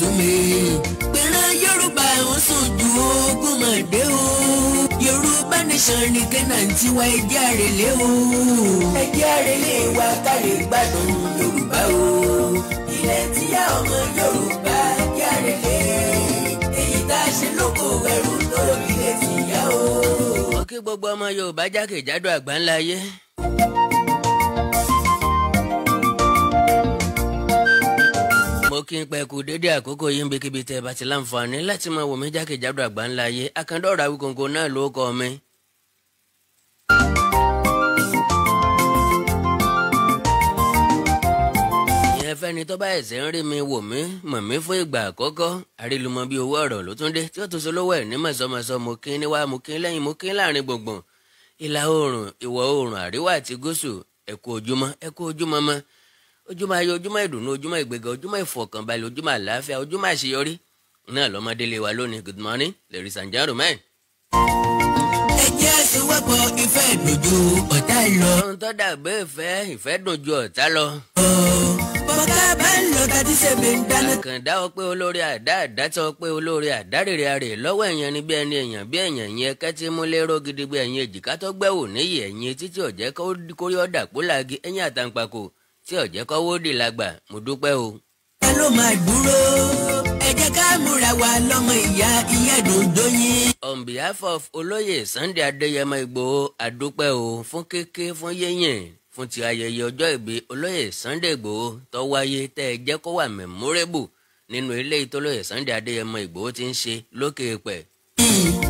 súnmi. gbẹ̀rẹ̀ yorùbá ń sùn ju ogún mọ̀ dé o. yorùbá nation nìkan náà ti wá ẹjẹ́ àrèlé o. ẹjẹ́ àrèlé wa ká gbádùn yorùbá o. ilẹ̀ tíyá ọmọ yorùbá ẹjẹ́ àrèlé. èyí tá a ṣe lóko ẹrù lórí ilẹ̀ tíyá o. wọ́n kí gbogbo ọmọ yorùbá jákèjádò àgbáńlá ayé. kí n pa ẹ̀kú dédé àkókò yìí ń bikíbi tẹ́ bá ti láǹfààní láti máa wò mí jákèjádò àgbáńlá ayé akandọ́ra Awikonko náà ló kọ́ mi. ìyẹn fẹ́ni tó bá ẹ̀sẹ̀ ń rí mi wò mí mọ̀ mí fún ìgbà àkọ́kọ́ àrílùmọ́ bíi owó ọ̀rọ̀ ló tún dé tí ó tún so lówó ẹ̀ ní mọ̀sánmọ̀sán mo kí níwá mo kí lẹ́yìn mo kí láàrin gbùngbùn ìlà oòrùn ìwọ̀ oòrùn àríwá àti gúúsù ẹ̀kú ojúmọ́ ẹ̀kú ojúmọ́ mọ́ ojúmọ́ ayọ̀ ojúmọ́ ìdùnnú ojúmọ́ ìgbéga ojúmọ́ ìfọ̀kànbalẹ̀ ojúmọ́ àlàáfíà ojúmọ́ àṣeyọrí náà lọ́mọdélé wa lónìí good morning ladies Sanjaro. gentlemen. ẹ jẹ́ ìfẹ́ dùn ọ̀tá lọ. ohun tó dàgbé ìfẹ́ ìfẹ́ dùn ọ̀tá lọ. bọ́ká bá ń lọ tàbí sèmi ń dáná. àkàndá ọ olórí àdá àdá tọ́ pé olórí àdárèrè arè lọ́wọ́ èèyàn ni bí ẹni èèyàn bí èèyàn yẹn ẹkẹ́ tí mú lérò gidigbe ẹ̀yìn èjìká tó gbẹ́wò níyì ẹ̀yìn títí ọ̀jẹ́ kórí ọ̀dà pólagi ẹ̀yìn àtàǹpàkò tí ọ̀jẹ̀ kọ́wó dì lágbà mo dúpẹ́ o. ẹ ló máa dúró ẹ jẹ́ ká múra wa lọ́mọ ìyá ìyẹn dòdò yín. on behalf of olóyè Sunday Adéyẹmọ Ìgbòho àdúpẹ́ o fún kéké fún yéyìn fún ti ayẹyẹ ọjọ́ ìbí olóyè Sunday Ìgbòho tó wáyé tẹ́ ẹ jẹ́ kó wà memorable nínú ilé ìtọ́lóyè Sunday Adéyẹmọ Ìgbòho ti ń ṣe lókè pẹ̀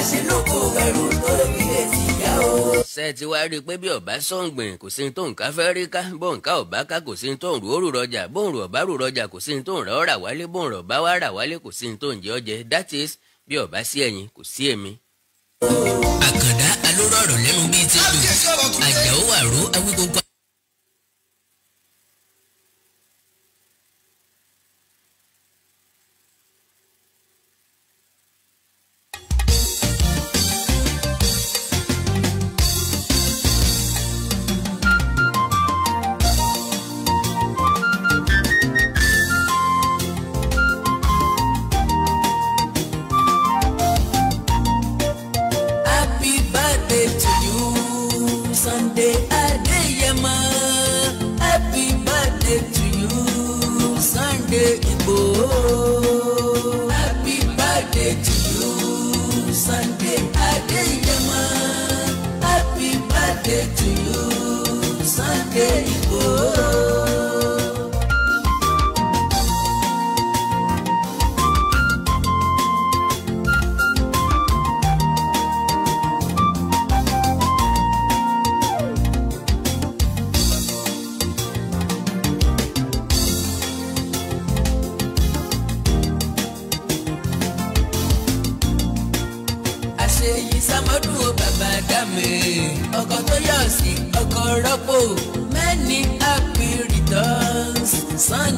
láìsí ti wá rí i pé bí ọba sọ̀ǹgbìn kò sí tó nǹkan fẹ́ rí ká bó nǹkan ọba ká kò sí tó ń òrù rọjà bó ọba rú rọjà kò sí tó ń rà wálé bó ń rọ rà wálé kò sí tó ń jẹ that is bí ọba sí ẹ̀yin kò sí èmi. àkàndá alóró lẹ́nu bíi ti dùn àjàó àró awígbogbo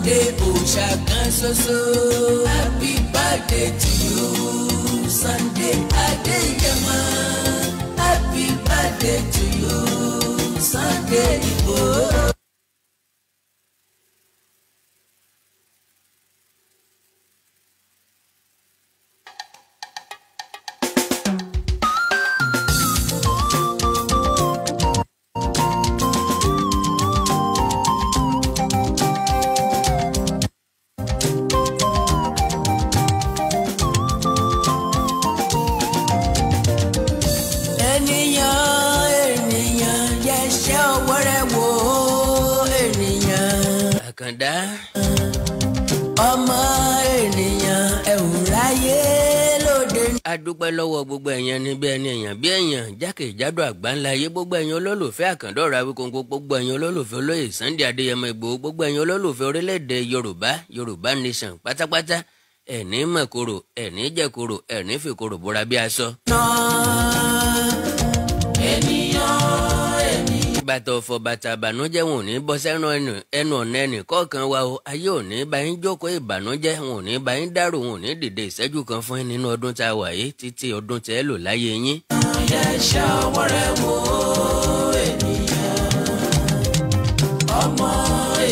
birthday òòṣà kan ṣoṣo happy birthday to you Sunday Adéyẹmọ happy birthday to you Sunday Igboho. àgbáńlá ayé gbogbo ẹ̀yin olólùfẹ́ àkàndọ́ra wíkóńgó gbogbo ẹ̀yin olólùfẹ́ olóyè Sunday Adéyẹmọ Ìgbòho gbogbo ẹ̀yin olólùfẹ́ orílẹ̀-èdè Yorùbá Yorùbá nation pátápátá ẹ̀ní mọ̀kòrò ẹ̀ní jẹ̀kòrò ẹ̀ní fìkòrò bóra bí aṣọ. náà ènìyàn ìgbà tó fọ bàtà ìbànújẹ́ wọn ò ní bọ́ sẹ́nu ẹnu ọ̀nà ẹnì kọ̀ọ̀kan wa o ayé ò ní bá yín jókòó ìbànújẹ́ wọn ò ní bá yín dárò wọn ò ní dìde ìṣẹ́jú kan fún yín nínú ọdún tá a wà yìí títí ọdún tẹ́ lò láyé yín. ọ̀yẹ́ ṣá ọwọ́ rẹ̀ wò ènìyàn ọmọ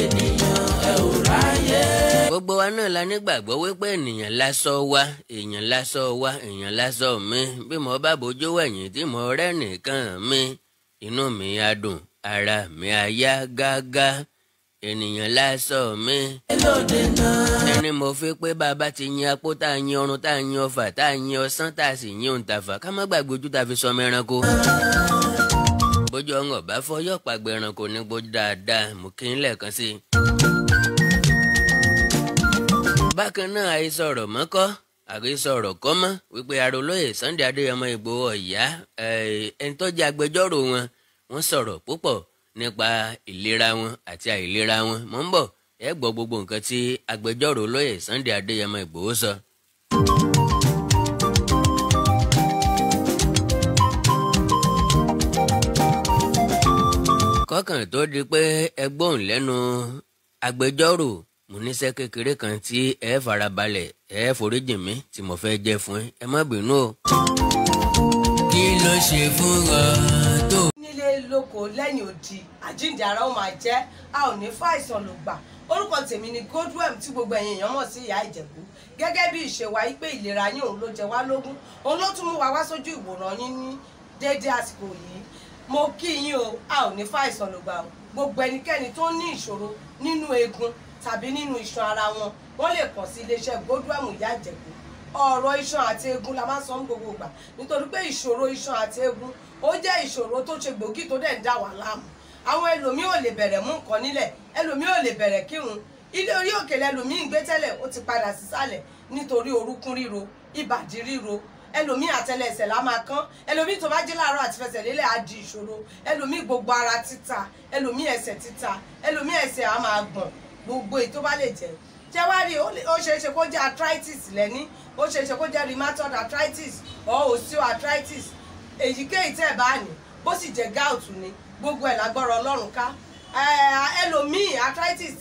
ènìyàn ẹ̀ ò ráyè gbogbo wa náà la nígbàgbọ́ wípé ènìyàn lásọ wa èèyàn lásọ wa èèyàn lásọ mi bí mo bá bójú wẹ̀yìn tí mo rẹ́ nìkan mi inú mi á dùn ara mi á yá gágá ènìyàn lásọ mi. ẹni mo fi pé bàbá ti yin apó tá a yin ọrùn tá a yin ọfà tá a yin ọsán tá a sì yin òǹtàfà ká má gbàgbé ojú tá a fi sọmọ ẹranko. bójú ọ̀ngàn bá fọ́ yọ̀ pàgbẹ́ ẹranko ní gbó dáadáa mú kí n lẹ́ẹ̀kan sí i. bákan náà àìsọ̀rọ̀ mọ́kọ́ àrísọ ọ̀rọ̀ kọ́ mọ́ wípé arólóyè Sunday Adéyẹmọ Ìgbòho Ọ̀yá eh, ẹni tó jẹ́ agbẹjọ́rò wọn wọ́n sọ̀rọ̀ púpọ̀ nípa ìlera wọn àti àìlera wọn mọ́ ń bọ̀ ẹ gbọ́ gbogbo nǹkan tí agbẹjọ́rò olóyè Sunday Adéyẹmọ Ìgbòho sọ. kọ́kàn tó di pé ẹgbọ́n lẹ́nu agbẹjọ́rò mo níṣẹ́ kékeré kan tí ẹ farabalẹ̀ ẹ foríjì mi tí mo fẹ́ jẹ́ fún ẹ má bínú o. kí ló ṣe fún ọ tó. nílé lóko lẹ́yìn odi àjíǹde ara ó máa jẹ́ a ò ní fàìsàn ló gbà orúkọ tèmi ni Goldwem tí gbogbo ẹ̀yin èèyàn mọ̀ sí ìyá ìjẹ̀bú gẹ́gẹ́ bí ìṣe wa pé ìlera yín òun ló jẹ wá lógún òun ló tún mú wa wá sójú ìwòran yín ní déédéé àsìkò yìí mo kí yín o a ò ní fàìsàn ló gbà o gbogbo ẹnikẹ́ni tó ní ìṣòro nínú eegun tàbí nínú iṣan ara wọn wọ́n lè kàn sí iléeṣẹ́ Godwem Ìyá Ìjẹ̀bú ọ̀rọ̀ iṣan àti eegun la máa ń sọ ní gbogbo ìgbà nítorí pé ìṣòro iṣan àti eegun ó jẹ́ ìṣòro tó ṣe gbòógì tó dẹ̀ ń dà wá láàmú àwọn ẹlòmíì ò lè bẹ̀rẹ̀ mú nǹkan nílẹ̀ ẹlòmíì ò lè bẹ̀rẹ̀ kírun ilé orí òkè lẹlòmíì ń gbé tẹ́lẹ̀ ó ti padà sísàlẹ̀ nítorí orúkún ríro ìbàdí ríro ẹlòmíì àtẹlẹsẹ̀ la máa kán ẹlòmíì tó bá jí láàárọ̀ àti fẹsẹ̀ lélẹ̀ á di ìṣòro ẹlòmíì gbogbo ara títa ẹlòmíì ẹsẹ̀ títa ẹlòmíì ẹsẹ̀ á máa gbọ̀n gbogbo èyí tó bá lè jẹ́ jẹ́ wá rí ó ṣeé ṣe arthritis ó ṣe kó rheumatoid arthritis or osteoarthritis èyíkéyìí tẹ́ bá ní bó gout ni gbogbo ẹ̀ lágbọ́rọ̀ ọlọ́run ká ẹlòmíì arthritis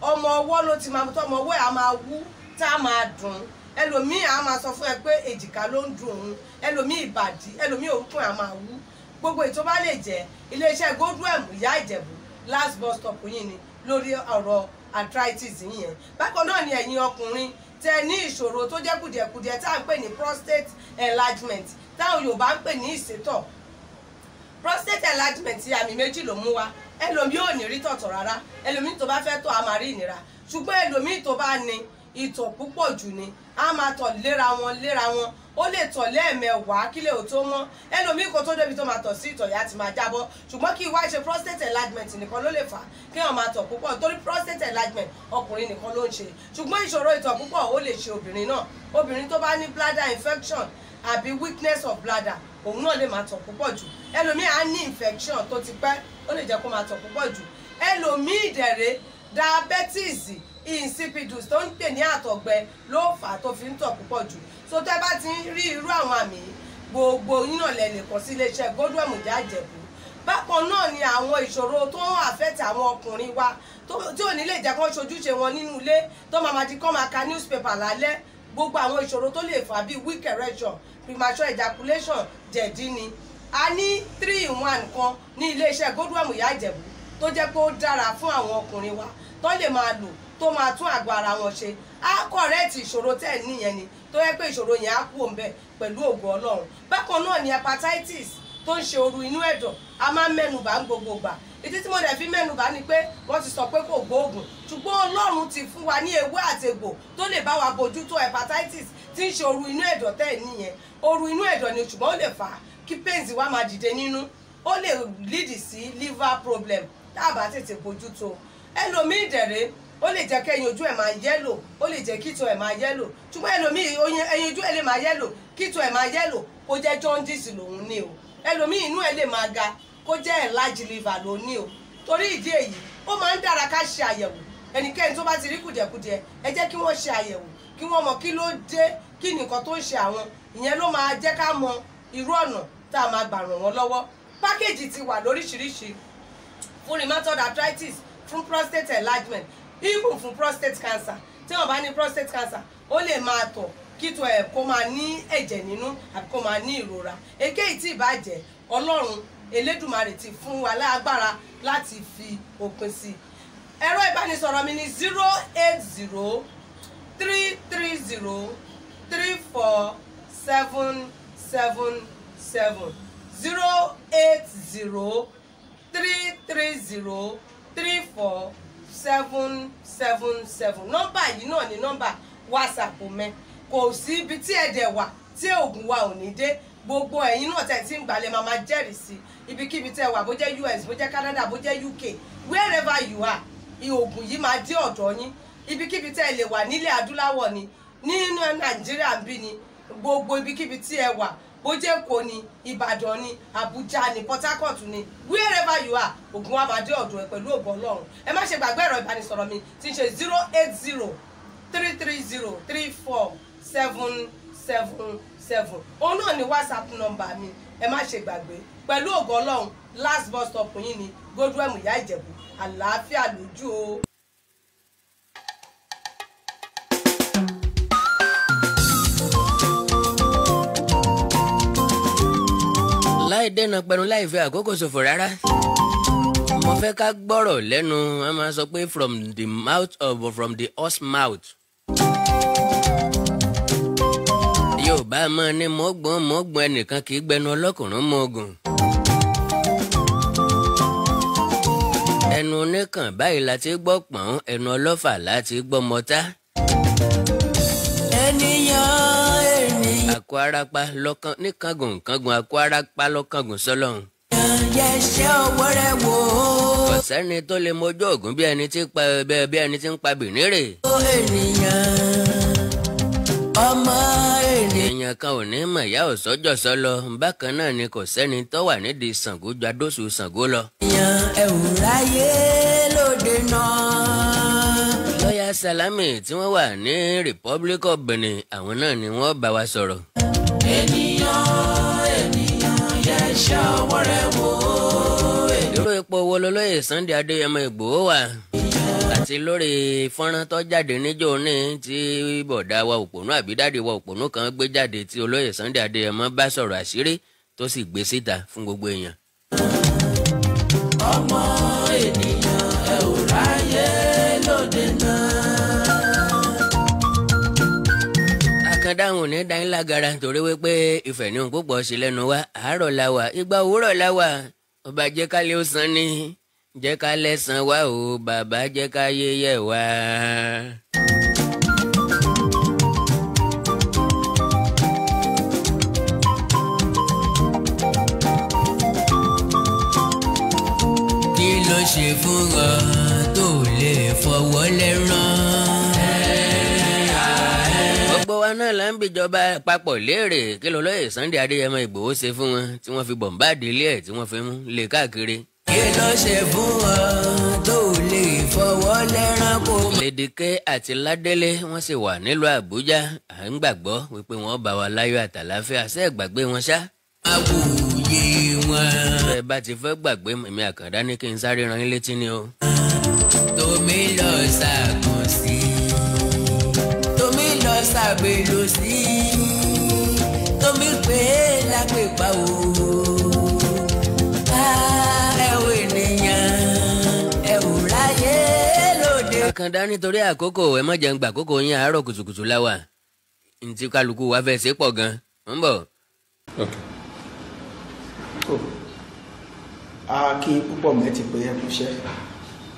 ọmọ ọwọ́ ló ti máa ọmọ ọwọ́ ẹ̀ á máa wú tá a máa dùn ẹlòmíì á máa sọ fún ẹ pé èjìká ló ń dùn òun ẹlòmíì ìbàdí gbogbo èyí tó bá lè ìyá last bus stop yìí ni lórí arthritis yìnyẹn bákan náà ni ẹ̀yin ọkùnrin tẹ ní ìṣòro tó jẹ́ kùdìẹ̀kùdìẹ̀ tá à ń pè ní prostate enlargement táwọn Yorùbá ń pè ní ìsétọ̀ prostate enlargement àmì méjì ló mú wa ẹlòmíì ò ní rí tọ̀tọ̀ rárá ẹlòmíì tó bá fẹ́ tọ̀ á máa rí ìnira ṣùgbọ́n ẹlòmíì tó bá ní ìtọ̀ púpọ̀ jù ni á máa tọ̀ léra wọn léra wọn ó lè tọ̀ lẹ́ẹ̀mẹwàá kílẹ̀ ò tó mọ́ ẹlòmíì kò tó débi tó máa tọ̀ sí ìtọ̀ yá ti máa jábọ́ ṣùgbọ́n kí wá ṣe prostate enlargement nìkan ló lè fà á kí wọ́n máa tọ̀ púpọ̀ torí prostate enlargement ọkùnrin nìkan ló ń ṣe ṣùgbọ́n ìṣòro ìtọ̀ púpọ̀ ó lè ṣe obìnrin náà obìnrin tó bá ní bladder infection àbí weakness of bladder òun náà lè máa tọ̀ púpọ̀ jù ẹlòmíì á ní infection tó ti pẹ́ ó lè jẹ́ kó máa diabetes insipidus tó ń pè ní àtọ̀gbẹ ló fà á tó tọ̀ púpọ̀ jù so tẹ́ bá ti ń rí irú àwọn àmì gbogbo yín náà lẹ lè kàn sí iléeṣẹ́ Godwin Muyiwa Àjẹ̀bú bákan náà ni àwọn ìṣòro tó ń àfẹ́tì àwọn ọkùnrin wa tí ò ní lè jẹ́ kán ṣojúṣe wọn nínú ilé tó máa máa di kán máa ka newspaper lálẹ́ gbogbo àwọn ìṣòro tó lè fà bíi weak erection premature ejaculation jẹ̀dí ni a ní three in one kan ní iléeṣẹ́ Godwin Muyiwa Àjẹ̀bú tó jẹ́ pé ó dára fún àwọn ọkùnrin wa tó lè máa lò tó máa tún àgọ́ ara wọn ṣe á kọ̀rẹ́ẹ̀tì ìṣòro tẹ̀ níyẹn ni tó yẹ pé ìṣòro yẹn á kú òǹbẹ pẹ̀lú ògùn ọlọ́run bákan náà ni hepatitis tó ń ṣe ooru inú ẹ̀dọ̀ a máa ń mẹ́nubà ń gbogbo gbà ìdí tí mo dẹ̀ fi mẹ́nubà ni pé wọ́n ti sọ pé kò gbóògùn ṣùgbọ́n ọlọ́run ti fún wa ní ewé àtegbò tó lè bá wa bójútó hepatitis tí ń ṣe ooru inú ẹ̀dọ̀ tẹ̀ níyẹn ooru inú ẹ̀dọ̀ ni ṣùgbọ́n ó lè fà á kí pains wa máa dìde nínú ó lè lead sí liver problem tá a bá tètè bójútó ẹlòmíì dẹ̀rẹ́ ó lè jẹ́ kí ẹyin ojú ẹ̀ máa yẹ́lò ó lè jẹ́ kíto ẹ̀ máa yẹ́lò ṣùgbọ́n ẹlòmíì ẹyin ojú ẹ̀ lè máa yẹ́lò kíto ẹ̀ máa yẹ́lò kó jẹ́ jaundice lòun ní o ẹlòmíì inú ẹ̀ lè máa ga kó jẹ́ enlarged liver lòun ní o torí ìdí èyí ó máa ń dára ká ṣe àyẹ̀wò ẹnikẹ́ni tó bá ti rí kùdìẹ̀kudiẹ ẹ jẹ́ kí wọ́n ṣe àyẹ̀wò kí wọ́n mọ kí ló dé kí nìkan tó ń ṣe àwọn ìyẹn ló máa jẹ́ ká mọ irú ọ̀nà tá a máa gbà ràn wọ́n lọ́wọ́ pákéjì ti wà lóríṣiríṣi fún rheumatoid arthritis fún prostate enlargement even fún prostate cancer tí wọn bá ní prostate cancer ó lè máa tọ̀ kító ẹ̀ kó máa ní ẹ̀jẹ̀ nínú àbí kó máa ní ìrora èkéyìí tí ìbàjẹ́ ọlọ́run elédùmarè ti fún wa lágbára láti fi òpin sí i ẹ̀rọ ìbánisọ̀rọ̀ mi ni zero eight zero three three zero three four seven seven seven zero eight zero three three zero three four seven seven seven nọ́mbà yìí náà ni nọ́mbà whatsapp mi kò sí ibi tí ẹ̀dẹ̀ wà tí oògùn wa ò ní dé gbogbo ẹ̀yin náà tẹ̀ tí ń gbàlẹ̀ máa máa jẹ́rìí sí ibikíbi tẹ̀ wà bó jẹ́ US bó jẹ́ Canada bó jẹ́ UK wherever you are oògùn yìí máa dé ọ̀dọ̀ yín ibikíbi tẹ̀ lè wà nílẹ̀ adúláwọ̀ ni nínú nàìjíríà ń bí ni gbogbo ibikíbi tí ẹ wà bójẹ́kọ ni ìbàdàn ni àbújá ni port harcourt ni wherever you are ògùn wa máa dé ọ̀dọ̀ ẹ pẹ̀lú ògùn ọlọ́run ẹ má ṣe gbàgbé ẹ̀rọ ìbánisọ̀rọ̀ mi tí ń ṣe zero eight zero three three zero three four seven seven seven òun náà ni whatsapp number mi ẹ má ṣe gbàgbé pẹ̀lú ògùn ọlọ́run last bus stop yín ni godwem ìyá ìjẹ̀bú àlàáfíà lójú o. láì dẹ́nà pẹ̀lú láì fẹ́ àkókò ṣòfò rárá mo fẹ́ ká gbọ́rọ̀ lẹ́nu a máa sọ pé from the mouth of from the horse mouth. yorùbá máa ní mọ́gbọ́n mọ́gbọ́n ẹnìkan kì í gbẹnu ọlọ́kùnrin mọ́ọ̀gùn. ẹnu oníkàn báyìí láti gbọ́ pọ́n ẹnu ọlọ́fà láti gbọ́ mọ́ta. àkó arapa lọ́kàn níkàngùn kángun àkó arapa lọ́kàngùn sọ́lọ́run. yẹ ṣé owó rẹ wò ó. ọ̀sẹ́ni tó lè mojú ògùn bí ẹni tí ń pa ẹbẹ bí ẹni tí ń pa bìnírè. ó ènìyàn ọmọ ènìyàn. èèyàn kan ò ní mọ̀ ìyá òsọ́jọ́ lọ, bákan náà ni kò sẹ́ni tó wà nídìí Ṣàngó ju adóṣù Ṣàngó lọ. èèyàn ẹ̀ ò ráyè. Salami tí wọ́n wà ní Republic of Benin àwọn náà ni wọ́n bá wa sọ̀rọ̀. ènìyàn ènìyàn yẹ ṣe ọwọ́ rẹ wò ó. ìdúró ipò wo lọ́lọ́yè Sunday Adéyẹmọ Ìgbòho wà àti lórí fọ́nrán tó jáde níjọ́ ní tí bọ̀dá wa òpònú àbí dáde wa òpònú kan gbé jáde tí olóyè Sunday Adéyẹmọ bá sọ̀rọ̀ àṣírí tó sì gbé síta fún gbogbo èèyàn. ọmọ dáhùn ò ní dáhùn torí wípé ìfẹ́ ní púpọ̀ sí lẹ́nu wa àárọ̀ la wà ìgbà òwúrọ̀ la wà ọba jẹ́ ká ni jẹ́ ká wá o bàbá jẹ́ ká wá. kí ló ṣe fún ọ tó lè fọwọ́ lẹ́rù. náà ń bìjọba àpapọ̀ léèrè kí lọ́lọ́yè Sunday Adéyẹmọ Ìgbòho ṣe fún wọn tí wọ́n fi bọ̀m̀báàdì ilé ẹ̀ tí wọ́n fi mú lè káàkiri. kí ló ṣe fún wọn tó lè fọwọ́ lẹ́rán lédèké àti ládélé wọ́n sì wà nílùú Àbújá à ń gbàgbọ́ wípé wọ́n bá wa láyọ̀ àtàláfíà ṣe é gbàgbé wọn ṣá. àwòye wọn. ẹ bá ti fẹ́ gbàgbé mi àkàndá ní kí n sáré ran ilé tí ni o. tómi lọ sàkó. lágbè lòsí tómi pé lágbè pa òwò. kàndá nítorí àkókò ẹ má jẹun gbà àkókò yín àárọ̀ kùtùkùtù láwà ntí kálukú wa fẹ́ ṣe gan ń bọ̀. a kí púpọ̀ mẹ́tì pé ẹ kúṣẹ́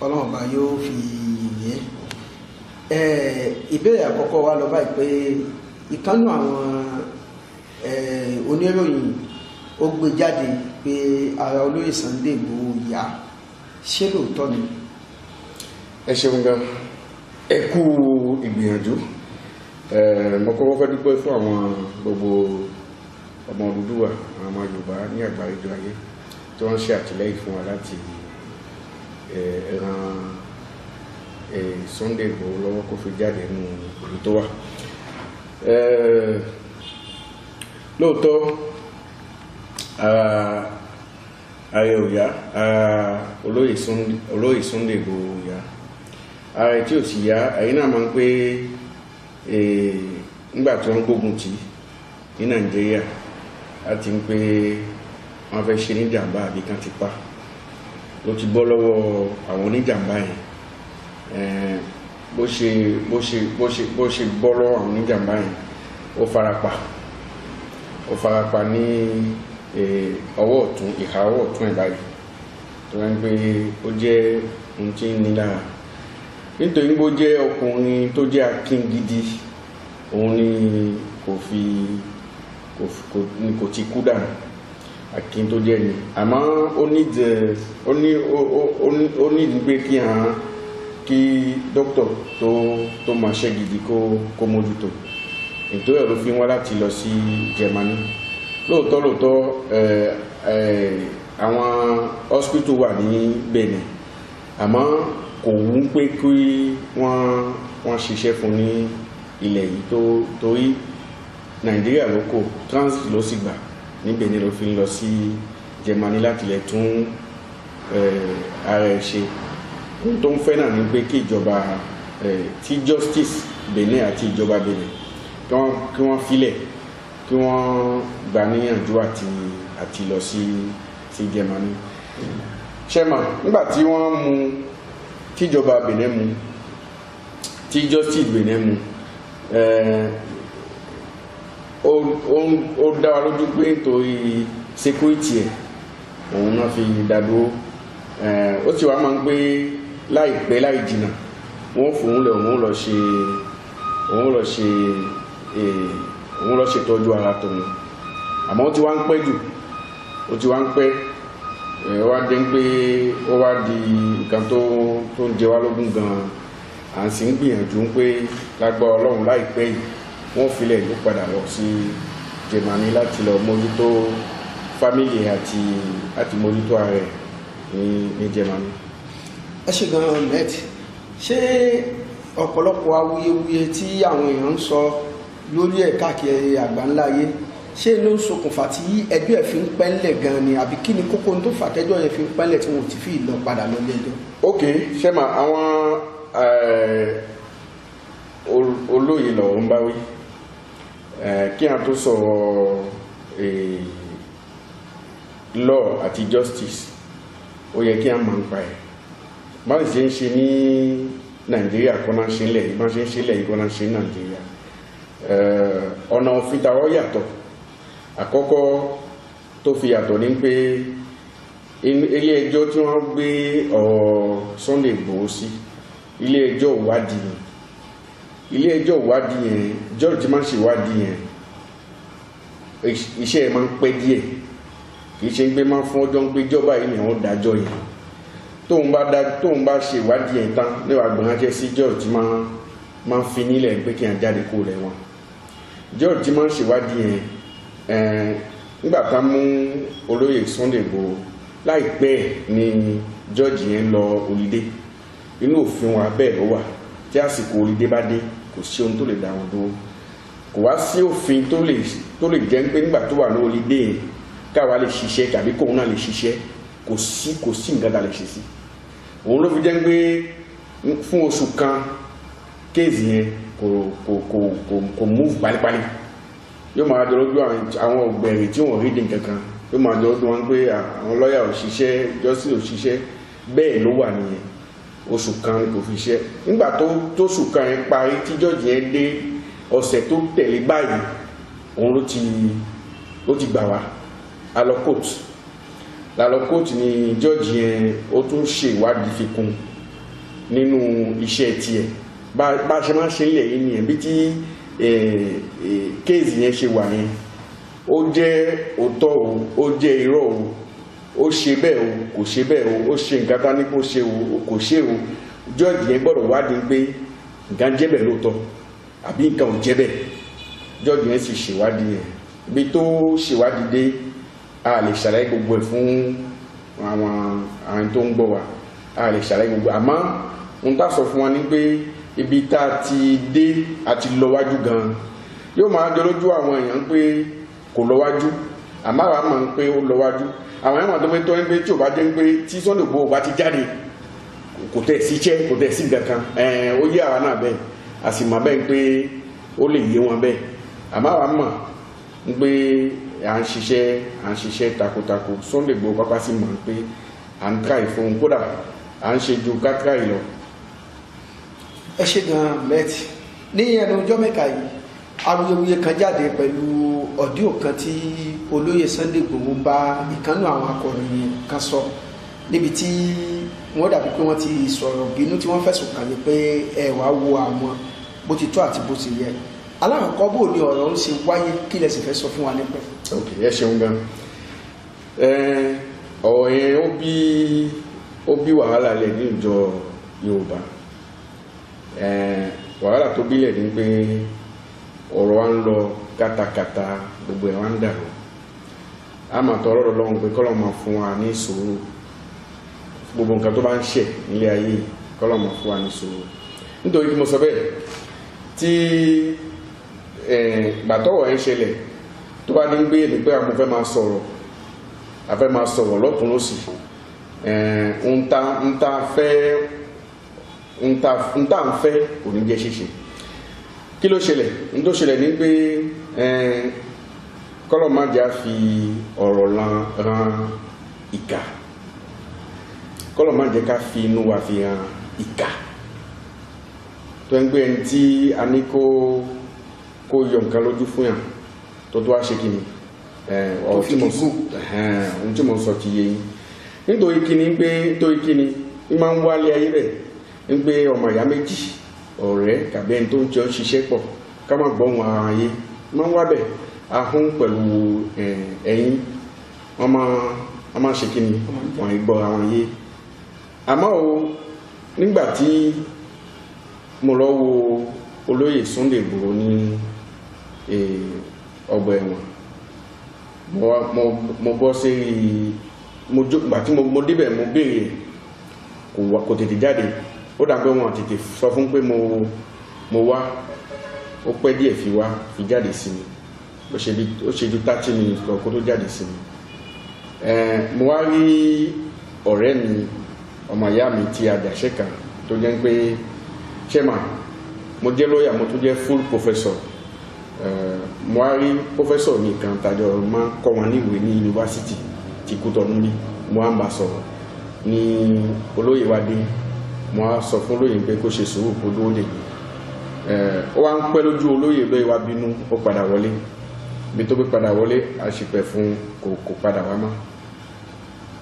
ọlọ́run bá yóò fi yìnyín ìbéèrè àkọ́kọ́ wa lọ báyìí pé ìkánú àwọn oníròyìn ó gbé jáde pé ara olóyè Sunday Igboho yá ṣé lóòótọ́ ni. ẹ ṣeun gan ẹ kú ìgbìyànjú mo kọ́kọ́ fẹ́ dúpẹ́ fún àwọn gbogbo ọmọ Odùduwà àwọn ọmọ Yorùbá ní àgbáyéjọ ayé tí wọ́n ṣe àtìlẹ́yìn fún wa láti ẹ̀ràn. Sunday go lọwọ kó fi jáde nù ìlú tó wà lóòótọ́ ààrẹ òyà olóyè Sunday go òyà ààrẹ tí ò sì yá àyè náà máa ń pé nígbà tí wọ́n gbógun tì ní Nàìjíríà láti ń pé wọ́n fẹ́ ṣe níjàmbá àbí kan ti pa ló ti bọ́ lọ́wọ́ àwọn oníjàmbá yẹn bó ṣe bó ṣe bó ṣe bó ṣe lọ́wọ́ àwọn oníjàmbá yẹn ó farapa ó farapa ní ọwọ́ ọ̀tún ìhà ọwọ́ ọ̀tún ẹ̀ báyìí tó wá ń pé ó jẹ́ ohun tí ń ní lára nítorí bó jẹ́ ọkùnrin tó jẹ́ akin gidi òun ni kò fi kò ti kú dànù akin tó jẹ́ ni àmọ́ ó ní ó ní ó ní pé kí hàn án kí dókítà tó tó mọ iṣẹ́ gidi kó kó mójútó ètò ẹ̀ ló fi wá láti lọ sí Germany lóòótọ́ lóòótọ́ àwọn hospital wà ní Benin àmọ́ kò wù ú pé kí wọ́n wọ́n ṣiṣẹ́ fún ní ilẹ̀ yìí tó torí Nàìjíríà ló kò transit ló sì gbà ní Benin ló fi lọ sí Germany láti lè tún ara ẹ̀ ṣe ohun tó ń fẹ́ náà ni pé kí ìjọba ti justice Benin àti ìjọba Benin kí wọ́n filẹ̀ kí wọ́n gbà níyànjú àti àti lọ sí sí Germany chairman nígbà tí wọ́n mú tíjọba Benin mú tí justice Benin mú ó dá wa lójú pé nítorí security ẹ̀ òun náà fi dá dúró ó ti wá máa ń gbé láìpẹ́ láì jìnnà wọ́n fòun lẹ̀ òun lọ ṣe òun lọ ṣe òun e, lọ ṣètọ́jú ara tòun àmọ́ ó ti wá ń pẹ́ jù ó ti wá ń pẹ́ ẹ wá dé pé ó wá di nǹkan tó tó ń jẹ wá lógún gan-an à ń sì ń gbìyànjú pé lágbára ọlọ́run láìpẹ́ yìí wọ́n filẹ̀ ló padà lọ sí Jẹ̀mánì láti lọ mójútó fámìlì àti àti mójútó ara ẹ̀ ní ní Jẹ̀mánì ẹ ṣe gan-an net ṣé ọ̀pọ̀lọpọ̀ awuyewuye tí àwọn èèyàn ń sọ lórí ẹ̀ káàkiri àgbáńlá ayé ṣé ló ń ṣokùnfà tí ẹjọ́ ẹ̀ fi ń pẹ́ńlẹ̀ gan-an ni àbí kí ni kókó tó fà tẹ́jọ́ ẹ̀ fi ń pẹ́ńlẹ̀ tí wọn ò ti fi lọ padà lọ lẹ́jọ́. ok ṣé mà àwọn eh, olóyè lọ́wọ́ ń bá wí eh, kí a tó sọ̀rọ̀ eh, law àti justice ó yẹ kí a máa ń pa ẹ̀ báwo ṣe ń ṣe ní nàìjíríà kọ́nà ṣe ń lẹ̀ yìí bá ṣe ń ṣe lẹ̀ yìí kọ́nà ṣe ń nàìjíríà ọ̀nà òfìdáwọ́ yàtọ̀ àkọ́kọ́ tó fi yàtọ̀ ni pé ilé ẹjọ́ tí wọ́n gbé ọ̀rọ̀ Sunday Igboho sí ilé ẹjọ́ ìwádìí yẹn ilé ẹjọ́ ìwádìí yẹn george máa ń ṣèwádìí yẹn iṣẹ́ ẹ̀ máa ń pẹ́ díẹ̀ kì í ṣe ń gbé máa fún ọjọ́ ń gbé jọba yìí ni wọ́n dájọ́ yẹn tóun bá dá tóun bá ṣe ìwádìí ẹ̀ tán léwàá gbọ̀nránṣẹ́ sí George máa máa ń fi nílẹ̀ pé kí n jáde kó rẹ̀ wọn George máa ń ṣèwádìí ẹ̀ nígbà tá a mú olóyè Sunday Igboho láìpẹ́ ni George yẹn lọ olùdé inú òfin wa bẹ́ẹ̀ ló wà tí àsìkò olùdé bá dé kò sí ohun tó lè dá wọn dúró kò wá sí òfin tó lè tó lè jẹ́ pé nígbà tó wà ní olùdé káwa lè ṣiṣẹ́ tàbí kóun náà lè ṣiṣẹ́ kò sí kò sí nǹkan tá a lè ṣe sí i òun ló fi jẹ́ pé fún oṣù kan kéèzì yẹn kò kò kò kò kò move pálípálí yóò máa dọ́lọ́dún àwọn ọ̀gbẹ̀rì tí wọ́n rí di kankan yóò máa dọ́lọ́dún wọn pé àwọn lọ́ọ̀yà ò ṣiṣẹ́ jọ́sí ò ṣiṣẹ́ bẹ́ẹ̀ ló wà nìyẹn oṣù kan kò fi ṣe nígbà tó tóṣù kan yẹn parí tí jọ́ọ̀jì yẹn dé ọ̀sẹ̀ tó tẹ̀lé báyìí òun ló ti ló ti gbà wá a lọ kóòtù lálọ kóòtù ni jọ́ọ̀jì yẹn ó tún ṣe ìwádìí fi kún nínú iṣẹ́ tiẹ̀ bá a ṣe máa ṣe ilẹ̀ yìí nìyẹn bí tí kéèzì yẹn ṣe wà yẹn ó jẹ́ òótọ́ o ó jẹ́ irọ́ o ó ṣe bẹ́ẹ̀ o kò ṣe bẹ́ẹ̀ o ó ṣe nǹkan tá ní kó ṣe o kò ṣe o jọ́ọ̀jì yẹn gbọ́dọ̀ wádìí pé nǹkan jẹ́ lóòótọ́ àbí nǹkan ò jẹ́ jọ́ọ̀jì yẹn sì ṣèwádìí yẹn ibi tó ṣèwádìí a lè ṣàlàyé gbogbo ẹ̀ fún àwọn àwọn tó ń gbọ́ wa a lè ṣàlàyé gbogbo àmọ́ n ta sọ fún wa ni pé ibi tá a ti dé a ti lọ wájú gan yóò máa jọ lójú àwọn èèyàn pé kò lọ wájú àmọ́ àwọn àmọ́ pé ó lọ wájú àwọn èèyàn tó ń tọ́ pé tí ò bá jẹ́ pé tí Sunday Igboho bá ti jáde kò tẹ̀ sí iṣẹ́ kò tẹ̀ sí nǹkan ó yé àwa náà bẹ́ẹ̀ a bẹ́ẹ̀ pé ó lè yé wọn bẹ́ẹ̀ àmọ́ àwọn àmọ́ pé à ń ṣiṣẹ́ à ń ṣiṣẹ́ takuntakun Sunday Igboho pápá sí mọ̀ pé à ń try fún un kódà à ń ṣe ju ká try lọ. ẹ ṣe gan-an mẹ́tì ní ẹnu ọjọ́ mẹ́ta yìí awuyewuye kan jáde pẹ̀lú ọ̀díò kan tí olóyè Sunday Igboho bá ìkànnù àwọn akọ̀ròyìn kan sọ níbi tí wọ́n dàbí pé wọ́n ti sọ̀rọ̀ bínú tí wọ́n fẹ̀sùn kàn ní pé ẹ wàá wo àwọn bó ti tó àti bó ti yẹ aláàkọ́ ni ní ọ̀rọ̀ ń ṣe wáyé kí lẹ sì fẹ́ sọ fún wa nípa ok ẹ ṣeun gan ọ̀rọ̀ yẹn ó bí wàhálà lẹ̀ ní ìjọ yorùbá wàhálà tó bílẹ̀ ní pé ọ̀rọ̀ wa ń lọ kátàkátà gbogbo ẹ̀ wá ń dàrú a máa tọrọ lọ́wọ́n pé kọ́lọ̀ máa fún wa ní sùúrù gbogbo nǹkan tó bá ń ṣẹ̀ nílé ayé kọ́lọ̀ máa fún wa ní sùúrù nítorí kí mo sọ bẹ́ẹ̀ tí gbàtọ́wọ̀ ẹ̀ ń ṣẹlẹ̀ tó bá ní ń gbé èdè pé àwọn fẹ́ máa sọ̀rọ̀ àfẹ́ máa sọ̀rọ̀ lọ́tún lọ́sì ńta eh, ńta fẹ́ ńta ńta ń fẹ́ kò ní jẹ́ ṣíṣe kí ló ṣẹlẹ̀ ń tó ṣẹlẹ̀ ní pé eh, kọ́lọ́mọ́jà fi ọ̀rọ̀ ran ìkà kọ́lọ́mọ́jà ká fi inú wa fi ran ìkà tó ń gbé ẹni tí a ní kó. kó yọ nǹkan lójú fún yàn tó tó wá ṣe kí ni ohun tí mo sọ ti yé yín nítorí kí ni pé nítorí kí ni n máa ń wálé ayé rẹ̀ ń ọmọ ìyá méjì ọ̀rẹ́ tàbí ẹni tó ń jọ ṣiṣẹ́ pọ̀ ká Sunday E, ọgbà ẹ̀wọ̀n mo bọ́ sí gbà tí mo débẹ̀ mo béèrè kò tètè jáde ó dàgbé wọn tètè sọ fún pé mo wá ó pẹ́ díẹ̀ fi wá fi jáde sí mi ó ṣe ju thirty minutes lọ kó tó jáde sí mi mo wá rí ọ̀rẹ́ mi ọmọ ìyá mi ti àjàṣe kan tó jẹ́ pé chairman mo jẹ́ lọ́ọ̀yà mo tún jẹ́ full professor mo á rí pọ́fẹ́sọ̀ mi kan tàjọ máa kọ́ wọn níwèé ní yunifásitì ti Kútọ́nù ní mo á ń bá sọ̀rọ̀ ní olóyè wa dé mo á sọ fún olóyè pé kó ṣe sùúrù kó dúró lè eh, ó wá ń pẹ́ lójú olóyè lóyè wa bínú ó padà wọlé bí tó gbé padà wọlé àṣìpẹ̀ fún kò kò padà wá mọ́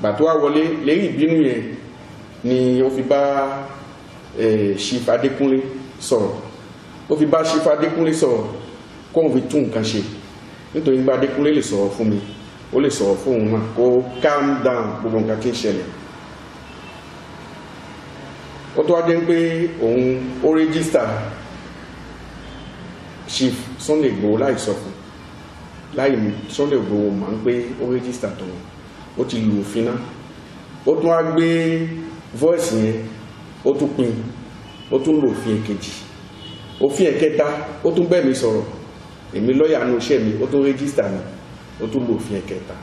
bàtó wá wọlé ìbínú yẹn ni ó fi bá eh, Chief Adékúnlé sọ̀rọ̀ ó fi bá Chief Adékúnlé sọ̀rọ̀ kóun fi tún nǹkan ṣe nítorí gba Adékúnlé lè sọ̀rọ̀ fún mi ó lè sọ̀rọ̀ fún òun náà kó calm down gbogbo nǹkan tí ń ṣẹlẹ̀ ó tó wá dé pé òun ó rẹ́gísítà Chief Sunday Igboho láì sọ fún láì Sunday Igboho mà ń pé ó rẹ́gísítà tó wọn ó ti lu òfin náà ó tún wá gbé voice yẹn ó tún pín ó tún lo òfin èkejì òfin ẹ̀kẹta ó tún bẹ́ẹ̀ mi sọ̀rọ̀ èmi lọ́ọ̀yà nu iṣẹ́ mi ó tó rẹ́gísítà mi ó tó lo òfin ẹ̀kẹta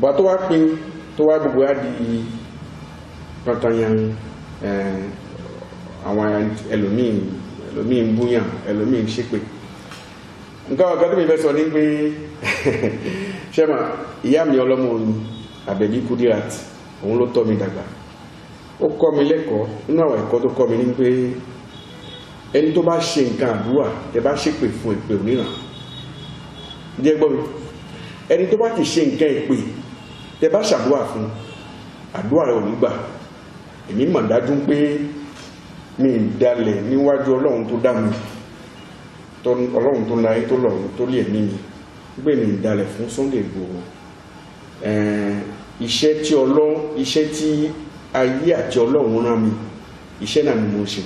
bá tó wá pín tó wá gbogbo á di pàtàyàn àwọn ẹlòmíì ẹlòmíì ń búyàn ẹlòmíì ń ṣépè nǹkan ọ̀gá tó mi fẹ́ sọ ní pé ṣẹ́mà ìyá mi ọlọ́mọ oyin àbẹ̀bí Kudirat òun ló tọ́ mi dàgbà ó kọ́ mi lẹ́kọ̀ọ́ nínú àwọn ẹ̀kọ́ tó kọ́ mi ní pé ẹni tó bá ṣe nǹkan àdúrà tẹ bá ṣépè fún ìpè oníran jẹ́ gbọ́ mi ẹni tó bá ti ṣe nǹkan ìpè tẹ bá ṣàdúrà fún àdúrà rẹ ò ní gbà èmi mọ̀ dájú pé mi ì dalẹ̀ níwájú ọlọ́run tó dá mi ọlọ́run tó láyé tó lọ́run tó lè ní mi gbé mi ì dalẹ̀ fún Sunday Igboho iṣẹ́ tí ọlọ́run iṣẹ́ tí ayé àti ọlọ́run rán mi iṣẹ́ náà ni mo ṣe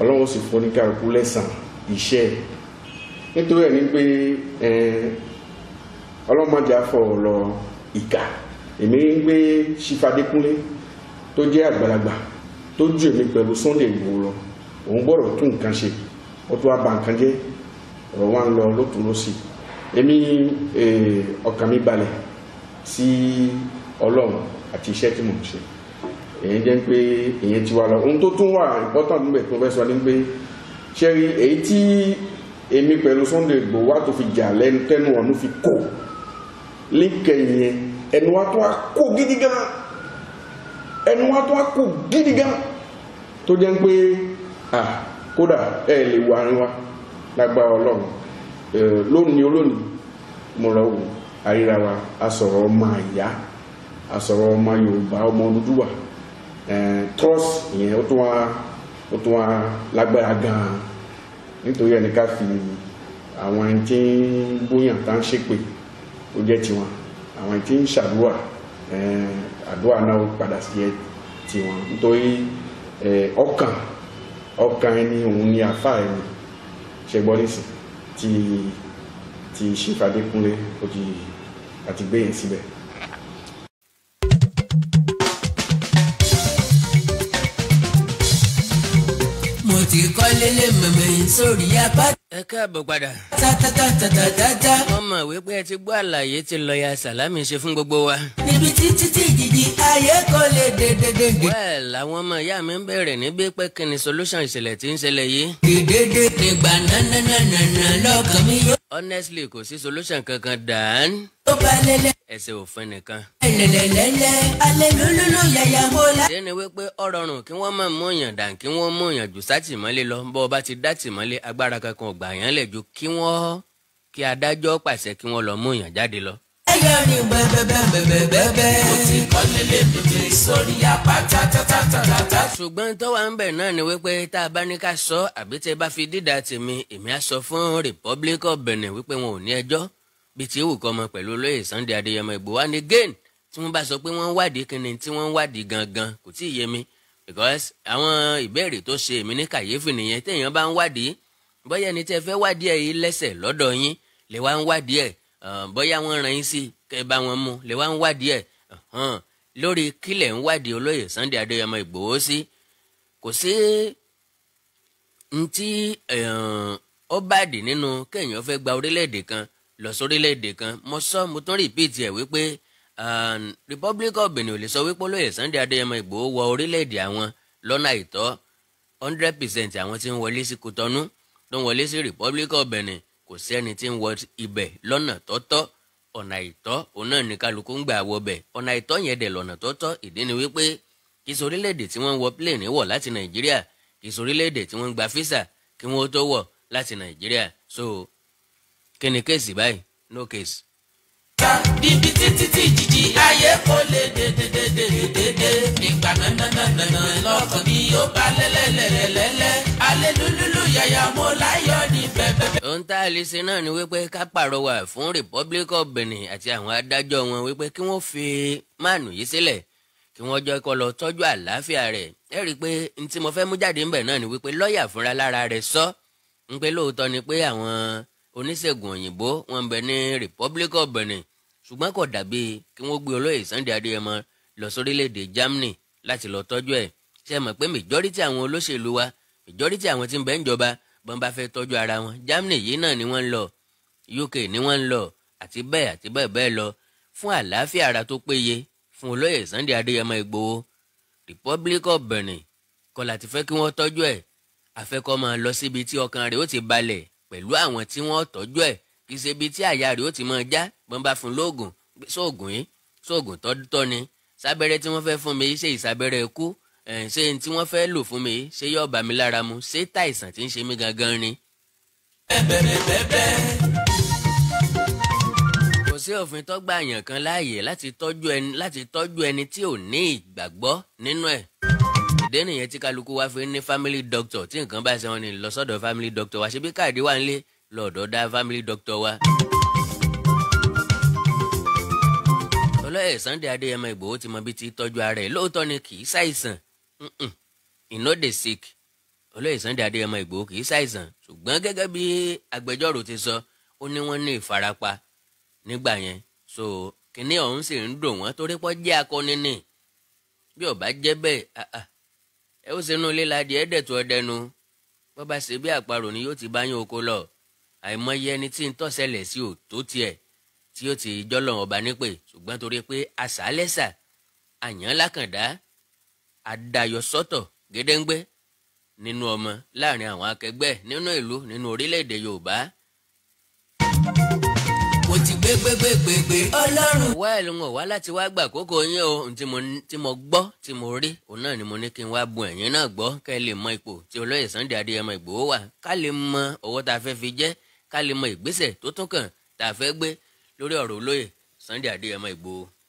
ọlọ́run sì fún oníkàlùkù lẹ́sàn iṣẹ́ nítorí ẹ̀ ní pé ọlọ́mọdé afọ̀rọ̀ lọ ìkà èmi ń gbé sífadékúnlé tó jẹ́ àgbàlagbà tó ju èmi pẹ̀lú Sunday Igboho lọ òun gbọ́dọ̀ tún nǹkan ṣe ó tún wá ba nǹkan jẹ́ ọ̀rọ̀ wa ń lọ lótùú èmi ọkàn mi balẹ̀ sí ọlọ́run àti iṣẹ́ tí mò ń ṣe èyí jẹ́ pé èyí ti wà lọ ohun tó tún wà important níbẹ̀ tó fẹ́ sọ ni pé ṣe rí èyí tí èmi pẹ̀lú Sunday Igboho wá tó fi jà lẹ́nu tẹ́nu ọ̀nù fi kò líkẹyìn yẹn ẹnu wa tó wá kò gidi gan ẹnu wa tó wá kò gidi gan tó jẹ́ pé ah kódà ẹ lè wà ní wa lágbára Ọlọ́run lónìí olónìí mo lọ wò àríra wa a sọ̀rọ̀ ọmọ àyà a sọ̀rọ̀ ọmọ Yorùbá ọmọ Odùduwà trust yẹn ó tún wá ó tún wá lágbára gan-an nítorí ẹni ká fi àwọn ẹni tí ń bóyàn tá ń ṣépè ó jẹ́ tiwọn àwọn ẹni tí ń ṣàdúrà àdúrà náà ó padà sí ẹ tiwọn nítorí ọkàn ọkàn ẹni òun ni àfa ẹni ṣe gbọ́ ti ti ṣèfàdé ó ti àti gbé yẹn síbẹ̀. lélẹ̀ mẹ̀mẹ̀ sórí apá. ẹ káàbọ̀ padà. ọmọ wípé ẹ ti gbọ́ àlàyé tí lọ́ọ̀yà sàlámì ṣe fún gbogbo wa. níbi títí tí jìjì ayé kò lè dédédé. bẹ́ẹ̀ làwọn ọmọ ìyá mi ń bẹ̀rẹ̀ ní bí pé kí solution ìṣẹ̀lẹ̀ tí ń ṣẹlẹ̀ yìí. dédédé nígbà nánánánáná lọ́kàn mi yóò. honestly kò sí solution kankan dàn. ó bá lélẹ̀ ẹsẹ̀ òfin nìkan. lẹ́lẹ́lẹ́lẹ́ alẹ́ lólóló yàyà mo la. ṣé ni wípé ó rọrùn kí wọ́n máa mú yàn dàn kí wọ́n mú yàn jù sátìmọ́lé lọ bó o bá ti dá tìmọ́lé agbára kankan gbà yàn lẹ̀ ju kí wọ́n kí adájọ́ pàṣẹ kí wọ́n lọ mú yàn jáde lọ. ẹyọ ni bẹ́ẹ̀bẹ́ẹ̀bẹ́ẹ̀bẹ́ẹ̀. mo ti kọ́ nílé bèbè sórí apá tatatatata. ṣùgbọ́n tó wà ń bẹ̀ náà ni wípé tá a bá ní ká sọ àbí tẹ bá fi dídà tèmi èmi á sọ fún Republic of Benin wípé wọn ò ní ẹjọ́ bí ti ewu kọ́ ọmọ pẹ̀lú olóyè Sunday Adéyẹmọ Ìgbòho and again tí wọ́n bá sọ pé wọ́n ń wádìí kíni tí wọ́n ń wádìí gangan kò tí ì yé mi because àwọn ìbéèrè tó ṣe èmi ní kàyéfì nìyẹn téèyàn bá ń wádìí bóyá ẹni tẹ́ fẹ́ wádìí ẹ̀ yìí lẹ́sẹ̀ lọ́dọ̀ yín lè wá ń wádìí ẹ̀ bóyá wọ́n ràn yín sí kẹ́ bá wọn mú lè wá ń wádìí ẹ̀ lórí kílẹ̀ ń wádìí olóyè Sunday Adéyẹmọ Ìgbòho sí kò sí ntí ọbàdì nínú kéèyàn fẹ́ gba orílẹ̀-èdè kan lọ sórílẹ̀-èdè kan mo sọ mo tún rìpíìtì ẹ̀ wípé um, Republic of Benin ò lè sọ wípé olóyè Sunday Adéyẹmọ Ìgbòho wọ orílẹ̀-èdè àwọn lọ́nà àìtọ́ hundred percent àwọn tí ń wọlé sí Kotonu tó ń wọlé sí Republic of Benin kò sẹ́ni tí ń wọ ibẹ̀ lọ́nà tọ́tọ́ ọ̀nà àìtọ́ òun náà ní kálukú ń gbà wọ bẹ̀ ọ̀nà àìtọ́ yẹn dẹ̀ lọ́nà tọ́tọ́ ìdí ni wípé kì í sorílẹ̀-èdè tí wọ́n ń wọ pílẹ̀nì wọ̀ láti Nàìjíríà kì í sorílẹ̀-èdè tí wọ́n ń gba físà kí wọ́n tó wọ̀ láti Nàìjíríà so kí ni kéèsì báyìí no case. ibi títí tí jìjì ayé kò lè dédédédédédé nígbà nànànànà lọ́kàn mi yóò bá lẹ́lẹ́lẹ́lẹ́lẹ́ alẹ́ lúlúlú yàyà mo láyọ̀ ní bẹ́ẹ̀. ohun tá a lè ṣe náà ni wípé ká pàrọwà fún Republic of Benin àti àwọn adájọ́ wọn wípé kí wọ́n fi máàlù yìí sílẹ̀ kí wọ́n jọ kọ́ lọ tọ́jú àlàáfíà rẹ̀ ẹ rí i pé tí mo fẹ́ mú jáde ńbẹ̀ náà ni wípé lọ́ọ̀yà fúnra lára rẹ̀ sọ ń pé lóòótọ́ ni pé àwọn oníṣègùn òyìnbó wọn ń bẹ ní Republic of Benin ṣùgbọ́n kò dàbí kí wọ́n gbé olóyè Sunday Adéyẹmọ lọ sórílẹ̀‐èdè Germany láti lọ tọ́jú ẹ̀ ṣe mọ̀ pé majority àwọn olóṣèlú wa majority àwọn tí ń bẹ ń jọba bọ́n bá fẹ́ tọ́jú ara wọn Germany yìí náà ni wọ́n ń lọ UK ni wọ́n ń lọ àti bẹ́ẹ̀ àti bẹ́ẹ̀ bẹ́ẹ̀ lọ fún àlàáfíà ara tó péye fún olóyè Sunday Adéyẹmọ Ìgbòho Republic of Benin kọ́ láti fẹ́ kí wọ́n tọ́jú ẹ̀ àfẹ́kọ́ máa lọ síbi tí ọkàn rẹ̀ ó ti balẹ̀ pẹ̀lú àwọn tí wọ́n tọ́jú ẹ̀ kì í ṣe ibi tí àyà rẹ̀ ó ti máa já bọ́n bá fún lóògùn sóògùn yìí sóògùn tọ́ ni sábẹ́rẹ́ tí wọ́n fẹ́ fún mi ṣe ìsábẹ́rẹ́ ikú ṣé n tí wọ́n fẹ́ lò fún mi ṣé yóò bá lára mu ṣé tàìsàn tí ń ṣe mí gangan ni. kò sí òfin tó àyàn kan láàyè láti tọ́jú ẹni tí ò ní ìgbàgbọ́ nínú ẹ̀ ìdí nìyẹn tí kálukú wá fi ní family doctor tí nǹkan bá ṣe wọn ni lọ sọ́dọ̀ family doctor wa ṣebí káàdì wà nílé lọ́dọ̀ dá family doctor wa. ọlọ́yẹ̀ Sunday Adéyẹmọ Ìgbòho ti mọ bí ti tọ́jú ara ẹ̀ lóòótọ́ ni kì í ṣàìsàn he no dey sick ọlọ́yẹ̀ Sunday Adéyẹmọ Ìgbòho kì í ṣàìsàn ṣùgbọ́n gẹ́gẹ́ bí agbẹjọ́rò ti sọ ó ní wọ́n ní ìfarapa nígbà yẹn so kìnìún ọ̀hún sì ń dùn wọ́n torí pọ́ jẹ́ akọni ni bí ó jẹ́ bẹ́ẹ̀ ah, ah ẹ ó ṣe inú ilé la di ẹ̀ẹ́dẹ̀tù ọdẹnu bó bá ṣe bí àparò ni yóò ti bá yín oko lọ àìmọye ẹni tí ń tọ́sẹ̀lẹ̀ sí ò tó tiẹ̀ tí ó ti jọ́lọ̀ ọba nípè ṣùgbọ́n torí pé àṣálẹ́sà àyàn lákàndá àdàyọ̀ sọ́tọ̀ gédéǹgbé nínú ọmọ láàrin àwọn akẹgbẹ́ nínú ìlú nínú orílẹ̀-èdè Yorùbá gbégbégbégbégbé ọlọ́run. wáìlì wọn wá láti wá gbà kókó yín o tí mo gbọ́ tí mo rí òun náà ni mo ní kí n wá bu ẹ̀yìn náà gbọ́ kẹ́ ẹ lè mọ ipò tí olóyè Sunday Adéyẹmọ Ìgbòho wà ká lè mọ ọwọ́ tá a fẹ́ fi jẹ́ ká lè mọ ìgbésẹ̀ tó tún kàn tá a fẹ́ gbé lórí ọ̀rọ̀ olóyè Sunday Adéyẹmọ Ìgbòho.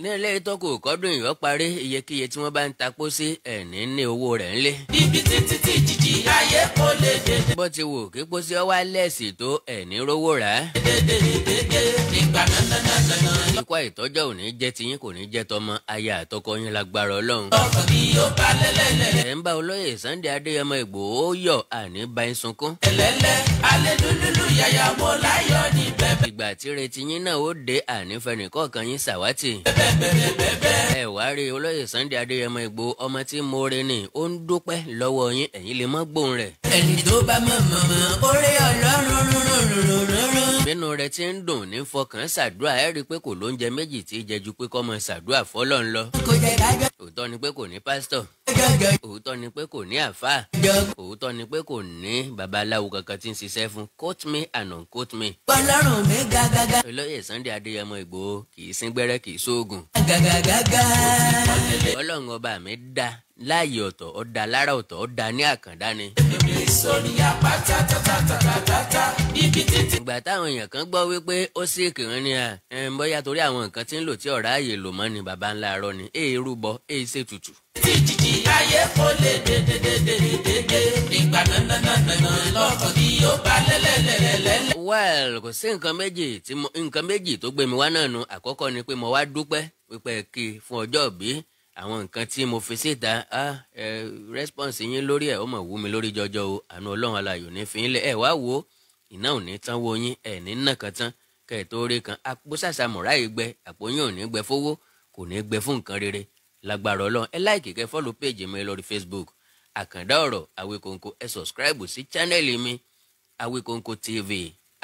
ní eléyìí tó kù kọ́dún ìyọ́ parí iyekíye tí wọ́n bá ń takó sí ẹ̀ní ní owó rẹ̀ ńlẹ̀. ibi títí tí jìjì ayé kò lè dédé. bó ti wù kí pósí ọwọ́ alẹ́sì tó ẹ̀ní rówó rà á. dédé ní dédé ìgbà nánánáná. ikú àìtọ́jọ́ ò ní jẹ́ tiyín kò ní jẹ́ tọmọ aya àtọkọ yín lágbára ọlọ́run. ọkàn mi yóò bá lẹ́lẹ́lẹ́. ẹ̀ ń bá olóyè Sunday Adéyẹmọ Ìgbòho yọ àní bá ń sunkún. ẹlẹ́lẹ́ alẹ́ lúlúlú yàyà mo láyọ̀ ní bẹ́ẹ̀. ìgbà tí retí yín náà ó dé ànífẹ́nìkọ̀ọ̀kan yín sàwátì. bẹ́ẹ̀ ẹ wá rí olóyè Sunday Adéyẹmọ Ìgbòho ọmọ tí mo rí ni ó ń dúpẹ́ lọ́wọ́ yín ẹ̀yin lè mọ́ gbóhùn rẹ̀. ẹni tó bá mọ̀ mọ̀ mọ̀ orí ọlọ́run rúnrúnrúnrún. bínú rẹ ti ń dùn ní fọkàn ṣàdúrà ẹ rí i pé kò lóúnjẹ méjì tí jẹjú pé kọ́mọ ṣàdúrà fọlọ́n lọ. kò jẹ dájọ́. òótọ́ ni pé kò ní pásítọ̀. òótọ́ ni pé kò ní àáfàá. òótọ́ ni pé kò ní babaláwo kankan tí ń ṣiṣẹ́ fún coat me and uncoat me. ọlọ́run mi gágágá. olóyè Sunday Adéyẹmọ Ìgbòho kì í sín gbẹ́rẹ́ kì í sóògùn gàgàgàgà. ọlọ́run ọba mi dá láàyè ọ̀tọ̀ ó dá lára ọ̀tọ̀ ó dá ní àkàndá ni. sórí apáta tatatatata ibi títí. ìgbà táwọn èèyàn kan gbọ́ wípé ó sì kìrìn ni à bóyá torí àwọn nǹkan tí ń lò tí ọ̀rá àyè lò mọ́ ni bàbá ńlá arọ ni èé rúbọ èé ṣètùtù. títí káyé kó lè dédédédédédé ìgbà nananana lọ́kàn tí yóò bá lẹ́lẹ́lẹ́lẹ́lẹ́. well kò sí nǹkan méjì tí mo nǹkan méjì tó gbé mi wá náà nu àkọ́kọ́ ni pé mo wá dúpẹ́ pípẹ́ kí fún ọjọ́ bí àwọn nǹkan tí mo fi síta ah ẹ response yín lórí ẹ ó mọ̀ wú mi lórí jọjọ o àánú ọlọ́run alayò ní fi ilẹ̀ ẹ wá wò ó iná ò ní tán wo yín ẹ ní nà kan tán kẹ ẹ tó rí kan àpò sàṣàmùráyè gbẹ àpò yín ò gbẹ fowó kò ní gbẹ fún nǹkan rere lágbára ọlọ́run ẹ láìkì kẹ́ fọ́lù péèjì mi lórí facebook àkàndá ọ̀rọ̀ àwíkòǹkò ẹ sọ̀scribe sí chánẹ́ẹ̀lì mi àwíkòǹkò tv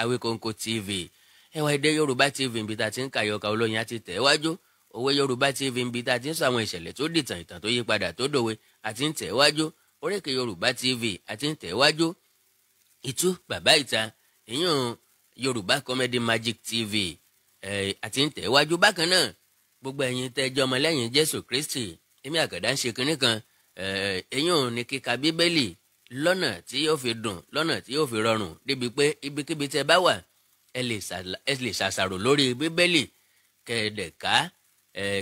àwíkòǹkò tv ẹ wá dé yorùbá tv níbi tá a ti ń kà yọkà olóyin á ti tẹ̀ wájú òwe yorùbá tv níbi tá a ti ń sọ àwọn ìṣẹ̀lẹ̀ tó dìtàn ìtàn tó yípadà tó dòwe á ti ń tẹ̀ wájú oríkè yorùbá tv á ti ń tẹ̀ wájú ìtú bàbá ìta ìyún yorùbá comedy magic tv àti ń tẹ̀ wájú bákan náà gbogbo ẹ̀yin tẹ́jọ́ ọmọlẹ́yìn jésù kristi èmi àkàndá ń ṣe kinní kan ẹ̀yin ò ní kíka bíbélì lọ́nà tí yóò fi dùn lọ́nà tí yóò fi rọrùn débi pé ibikíbi tẹ́ bá wà ẹ lè ṣàṣàrò lórí bíbélì kẹ̀ẹ́dẹ̀ká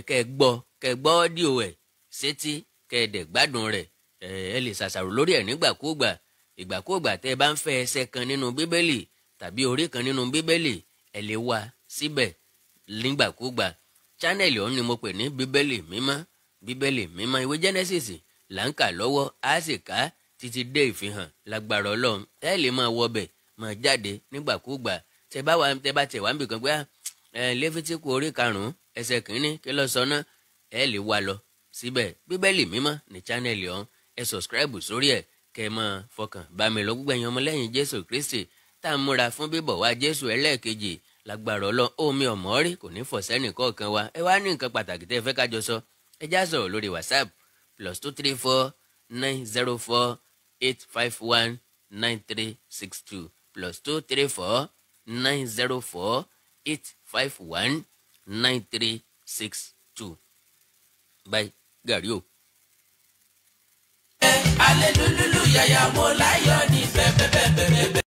kẹ́ẹ̀gbọ́ kẹ́ẹ̀gbọ́ ọ́díò ẹ̀ sétí kẹ́ẹ̀dẹ̀gbádùn rẹ̀ ẹ lè ṣàṣàrò lórí ẹ̀ nígbàkúùgbà ìgbàkúùgbà tẹ́ ẹ bá ń fẹ́ ẹsẹ̀ kan nínú bíbélì tàbí orí kan nínú bíbélì ẹ lè wá síbẹ̀ nígbàkúùgbà channel ọ̀hún ni mo pè ní bíbélì mímọ́ bíbélì mímọ́ ìwé genesis là ń kà lọ́wọ́ á sì ká títí dé ìfihàn lágbára ọlọ́run ẹ lè máa wọbẹ̀ máa jáde nígbàkúùgbà tẹ bá wà tẹ bá tẹ wà níbìkan pé ah, ẹ léfítíkù orí karùnún ẹsẹ̀ kìíní kí ló sọ náà ẹ lè wá lọ síbẹ̀ bíbélì mímọ́ ní channel ọ̀hún ẹ sọ̀scribe sórí ẹ̀ kẹ́ ẹ máa fọkàn bá mi lọ gbogbo ẹ̀yin ọmọlẹ́yìn jésù kristi tá à múra fún bíbọ̀ wá jésù ẹlẹ́ẹ̀kejì lágbára ọlọ́run omi ọ̀mọ́ rí kò ní fọ̀ sẹ́nì kọ̀ọ̀kan wa ẹ wá ní nǹkan pàtàkì tẹ́ ẹ fẹ́ kájọ sọ ẹ já sọ̀rọ̀ lórí whatsapp plus two three four nine zero four eight five one nine three six two plus two three four nine zero four eight five one nine three six two bye gàrí o. alẹ́ lululu mo láyọ̀ ní bẹ́ẹ̀